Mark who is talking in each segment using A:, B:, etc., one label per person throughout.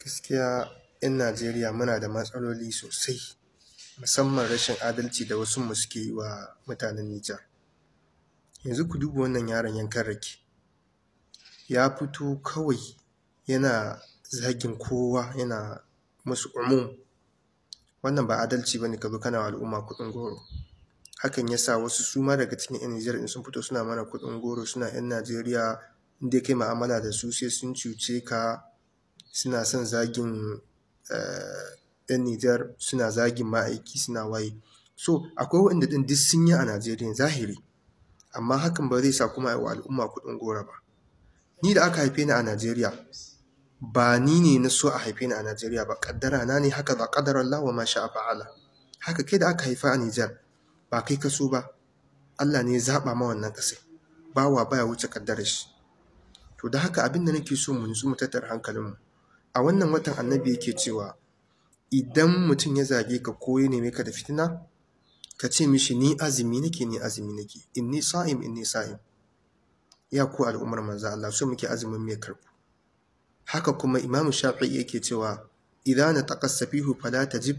A: Gaskiya 'yan Najeriya muna da matsaloli sosai musamman rashin adalci da wasu suke wa mutanen Nijar. Yanzu ku duba wannan yaron yankan rake, ya fito kawai yana zagin kowa yana musu umu. Wannan ba adalci ba ne ka zo kana wa al'umma kuɗin goro. Hakan ya sa wasu suma daga cikin 'yan Nijar in sun fito suna mana kuɗin goro suna 'yan Najeriya inda dai kai ma'amala da su sai sun cuce ka suna son zagin yan eh, Nijar suna zagin ma'aiki suna waye so akwai waɗanda din duk sun yi a Najeriya zahiri amma hakan ba zai sa kuma wa al'umma kuɗin gora ba ni da aka haife ni a Najeriya ba ni ne na so a haife ni a Najeriya ba kaddara na ne haka ba, kaddara Allah wa masha fa'ala haka kai da aka haifa a Nijar ba kai ka so ba Allah ne ya zaɓa ma wannan bawa baya wuce kaddarar shi to da haka abin da nake so mu nutsu mu tattara hankalinmu a wannan watan annabi yake cewa idan mutum ya zage ka ko ya neme ka da fitina ka ce mishi ni azumi nake ni azumi nake inni sa'im inni sa'im ya ku al'ummar manzo Allah so muke azumin mai karbu haka kuma imam shafi'i yake cewa idza nataqas safihu fala tajib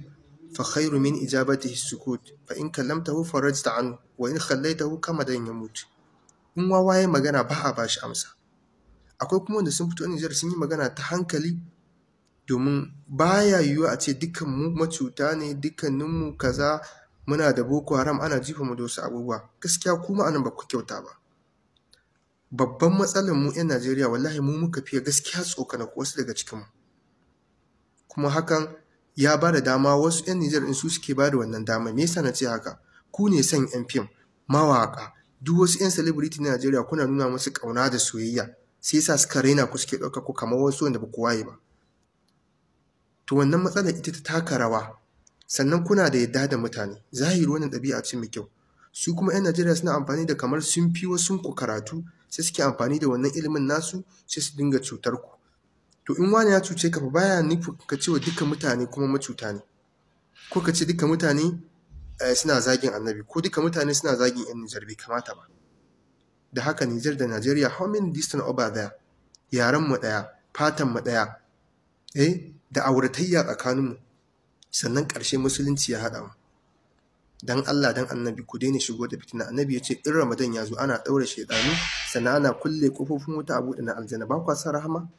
A: fa khairu min ijabatihi sukut fa in kallamtahu farajta anhu wa in khallaytahu kama dan yamut in wawaye magana ba a bashi amsa akwai kuma wanda sun fito Nijar sun yi magana ta hankali domin baya yiwuwa a ce dukkan macuta ne dukkaninmu kaza muna da boko haram ana jifa mu da wasu abubuwa gaskiya kuma anan ba ku kyauta ba babban matsalar mu 'yan Najeriya wallahi mu muka fiye gaskiya tsokana ko wasu daga cikinmu kuma hakan ya ba da dama wasu 'yan Nijar in su suke ba da wannan dama me yasa na ce haka ku ne son 'yan fim mawaka duk wasu 'yan celebrity na Najeriya kuna nuna musu kauna da soyayya sai yasa suka raina ku suke ɗauka ku kamar wasu wanda ba ku waye ba to wannan matsalar ita ta taka rawa sannan kuna da yadda da mutane zahiri wannan ɗabi'a ce mai kyau su kuma 'yan Najeriya suna amfani da kamar sun fi wasu ku karatu sai suke amfani da wannan ilimin nasu sai su dinga cutar ku to in wani ya cuce ka baya nufin ka cewa dukkan mutane kuma macuta ne ko ka ce dukkan mutane eh, suna zagin annabi ko duka mutane suna zagin 'yan Nijar bai kamata ba da haka Nijar da Najeriya how many distant over there Yaren mu ɗaya fatan mu ɗaya eh da auratayya tsakaninmu sannan ƙarshe musulunci ya haɗa mu dan Allah dan annabi ku daina shigo da fitina annabi ya ce in ramadan ya zo ana ɗaure shaidanu sannan ana kulle ƙofofin wuta a buɗe na aljanna ba kwa rahama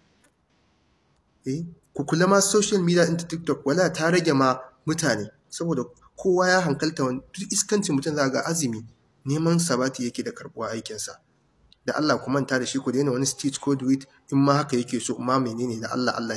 A: eh ku kula ma social media ɗin tiktok wala ta rage ma mutane saboda kowa ya hankalta wani duk iskancin mutum za ga azumi neman sabati yake da karɓuwa aikinsa da Allah ku manta da shi ku daina wani stage code with in ma haka yake so ma menene da Allah Allah